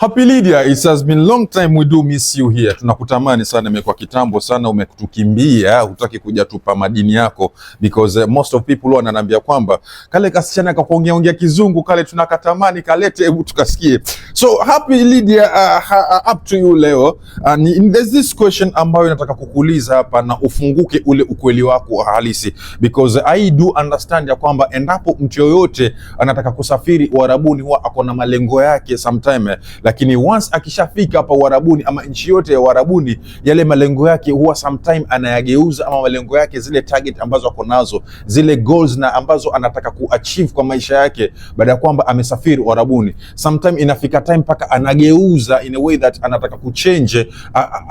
Happy Lydia, it has been long time we do miss you here. Tunakutamani sana, imekuwa kitambo sana, umetukimbia, hutaki kuja tupa madini yako because eh, most of people wananiambia kwamba kale kasichana kakuongea ongea kizungu kale tunakatamani kalete, hebu tukasikie. So Happy Lydia, uh, uh up to you leo and uh, there's this question ambayo nataka kukuuliza hapa na ufunguke ule ukweli wako halisi because I do understand ya kwamba endapo mtu yoyote anataka kusafiri Uarabuni huwa ako na malengo yake sometime eh, lakini once akishafika hapa Uarabuni ama nchi yote ya Uarabuni, yale malengo yake huwa sometime anayageuza, ama malengo yake zile target ambazo ako nazo zile goals na ambazo anataka kuachieve kwa maisha yake, baada ya kwamba amesafiri Uarabuni, sometime inafika time paka anageuza in a way that anataka kuchange,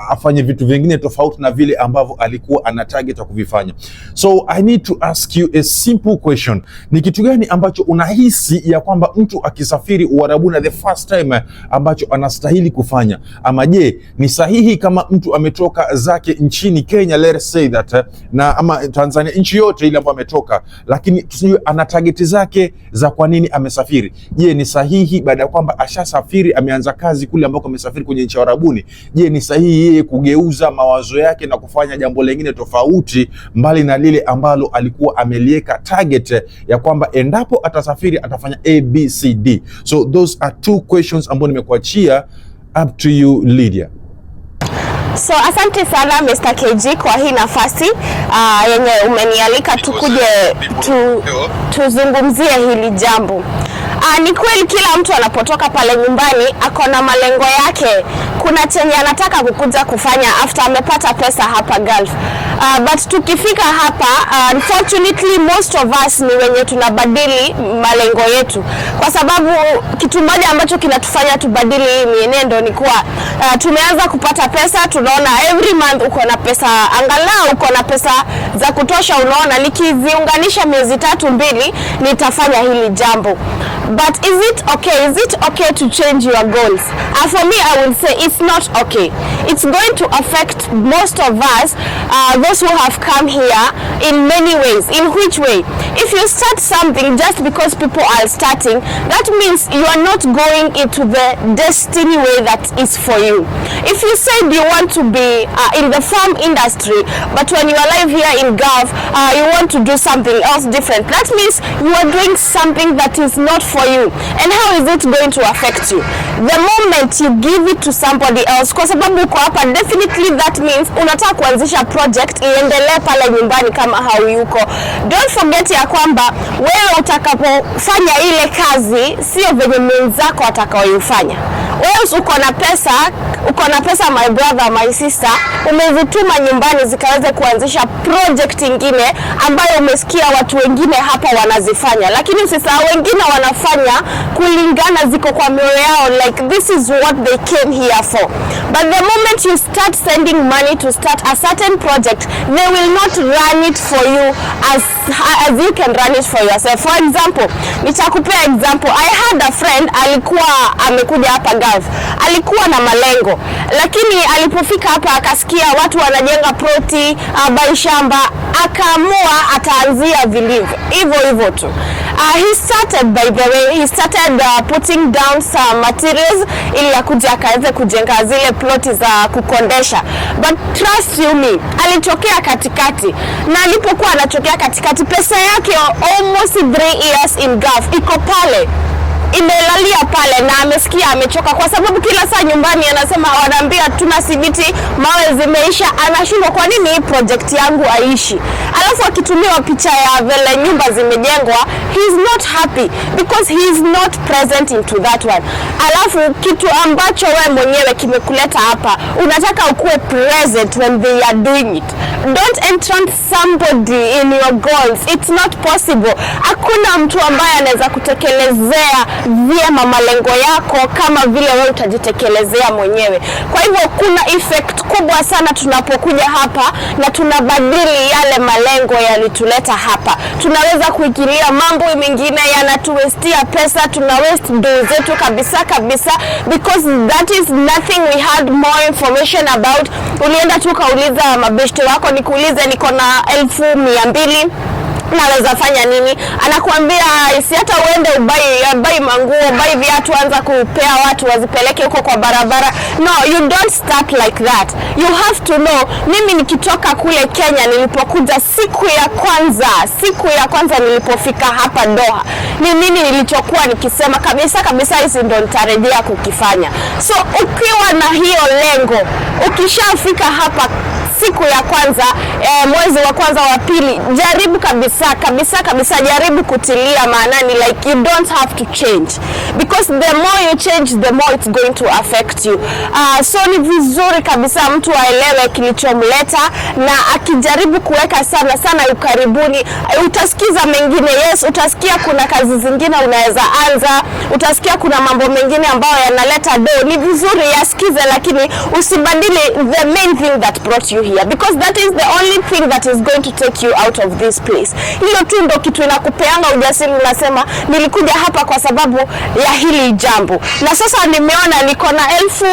afanye vitu vingine tofauti na vile ambavyo alikuwa ana target ya kuvifanya. So I need to ask you a simple question, ni kitu gani ambacho unahisi ya kwamba mtu akisafiri Uarabuni the first time ambacho ambacho anastahili kufanya, ama je, ni sahihi kama mtu ametoka zake nchini Kenya, let's say that, eh, na ama Tanzania, nchi yote ile ambayo ametoka, lakini tusijue ana tageti zake za kwa nini amesafiri. Je, ni sahihi baada ya kwamba ashasafiri ameanza kazi kule ambako amesafiri kwenye nchi ya Arabuni? Je, ni sahihi yeye kugeuza mawazo yake na kufanya jambo lingine tofauti mbali na lile ambalo alikuwa ameliweka target eh, ya kwamba endapo atasafiri atafanya ABCD? So those are two questions ambazo nimekuwa kuachia up to you Lydia. So asante sana Mr. KG kwa hii nafasi uh, yenye umenialika tukuje tu, tuzungumzie hili jambo. Aa, ah, ni kweli kila mtu anapotoka pale nyumbani ako na malengo yake. Kuna chenye anataka kukuja kufanya after amepata pesa hapa Gulf. Uh, but tukifika hapa uh, unfortunately most of us ni wenye tunabadili malengo yetu, kwa sababu kitu moja ambacho kinatufanya tubadili hii mienendo ni kuwa uh, tumeanza kupata pesa, tunaona every month uko na pesa, angalau uko na pesa za kutosha, unaona nikiziunganisha miezi tatu mbili nitafanya hili jambo But is it okay? Is it okay to change your goals? And for me, I will say it's not okay it's going to affect most of us uh, those who have come here in many ways. In which way? If you start something just because people are starting, that means you are not going into the destiny way that is for you. If you said you want to be uh, in the farm industry, but when you arrive here in Gulf, uh, you want to do something else different, that means you are doing something that is not for you. And how is it going to affect you? The moment you give it to somebody else, kwa uko hapa, definitely that means unataka kuanzisha project iendelee pale nyumbani kama hauyuko. Don't forget ya kwamba wewe utakapofanya ile kazi sio venye mwenzako atakaoifanya. Wewe uko na pesa uko na pesa my brother, my sister, umezituma nyumbani zikaweze kuanzisha project ingine ambayo umesikia watu wengine hapa wanazifanya, lakini sasa wengine wanafanya kulingana, ziko kwa mioyo yao, like this is what they came here for. But the moment you start sending money to start a certain project, they will not run it for you as, as you can run it for yourself. For example, nitakupea example. I had a friend alikuwa amekuja hapa Gulf, alikuwa na malengo lakini alipofika hapa akasikia watu wanajenga ploti ah, bai shamba, akaamua ataanzia vilivyo hivyo hivyo tu. Uh, he started by the way, he started uh, putting down some materials ili akuja akaweze kujenga zile ploti za kukondesha, but trust you me, alitokea katikati, na alipokuwa anatokea katikati, pesa yake almost 3 years in gulf iko pale imelalia pale na amesikia amechoka, kwa sababu kila saa nyumbani anasema, wanaambia tuna sibiti mawe zimeisha. Anashindwa kwa nini hii project yangu aishi, alafu akitumiwa picha ya vile nyumba zimejengwa, he is not happy because he is not present into that one. Alafu kitu ambacho wewe mwenyewe kimekuleta hapa, unataka ukuwe present when they are doing it. Don't entrance somebody in your goals. It's not possible. Hakuna mtu ambaye anaweza kutekelezea vyema malengo yako kama vile wewe utajitekelezea mwenyewe. Kwa hivyo kuna effect kubwa sana tunapokuja hapa na tunabadili yale malengo yalituleta hapa. Tunaweza kuikilia mambo mengine yanatuwestia pesa, tuna waste do zetu kabisa kabisa, because that is nothing we had more information about. Ulienda tu kauliza mabeshte wako yako nikuulize niko na elfu mia mbili naweza fanya nini? Anakuambia si hata uende ubai, ubai manguo ubai viatu, anza kupea watu wazipeleke huko kwa barabara. No, you don't start like that. You have to know. Mimi nikitoka kule Kenya, nilipokuja siku ya kwanza, siku ya kwanza nilipofika hapa Doha, ni nini nilichokuwa nikisema kabisa kabisa, hizi ndo nitarejea kukifanya. So ukiwa na hiyo lengo, ukishafika hapa siku ya kwanza e, mwezi wa kwanza wa pili, jaribu kabisa kabisa kabisa, jaribu kutilia maanani, like you don't have to change because the more you change the more it's going to affect you. Uh, so ni vizuri kabisa mtu aelewe kilichomleta, na akijaribu kuweka sana sana ukaribuni, utasikiza mengine, yes, utasikia kuna kazi zingine unaweza anza, utasikia kuna mambo mengine ambayo yanaleta do. Ni vizuri yasikize, lakini usibadili the main thing that brought you here because that is the only thing that is going to take you out of this place. Hilo tu ndo kitu inakupeanga ujasiri, unasema nilikuja hapa kwa sababu ya hili jambo, na sasa nimeona niko na elfu,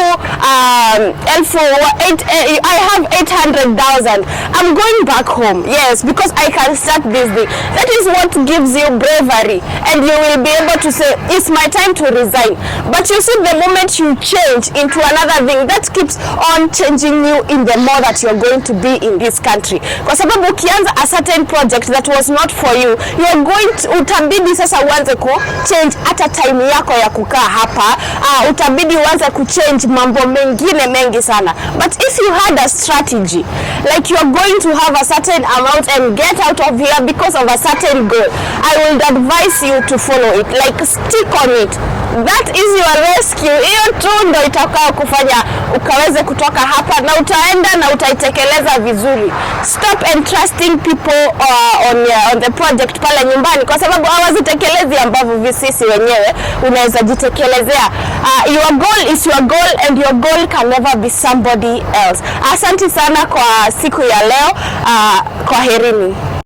um, elfu, eight, eh, I have 800,000. I'm going back home. Yes, because I can start this thing. That is what gives you bravery and you will be able to say it's my time to resign. But you see the moment you change into another thing that keeps on changing you in the more that you're going going to be in this country, kwa sababu ukianza a certain project that was not for you, you are going to, utabidi sasa uanze ku change hata time yako ya kukaa hapa. Uh, utabidi uanze ku change mambo mengine mengi sana, but if you had a strategy like you are going to have a certain amount and get out of here because of a certain goal i would advise you to follow it like stick on it that is your rescue hiyo tu ndo itakaa kufanya ukaweze kutoka hapa na utaenda na utaitekeleza vizuri stop entrusting people uh, on, uh, on the project pale nyumbani kwa sababu hawazitekelezi ambavyo visisi wenyewe unaweza jitekelezea uh, your goal is your goal and your goal can never be somebody else asante sana kwa siku ya leo. Uh, kwaherini.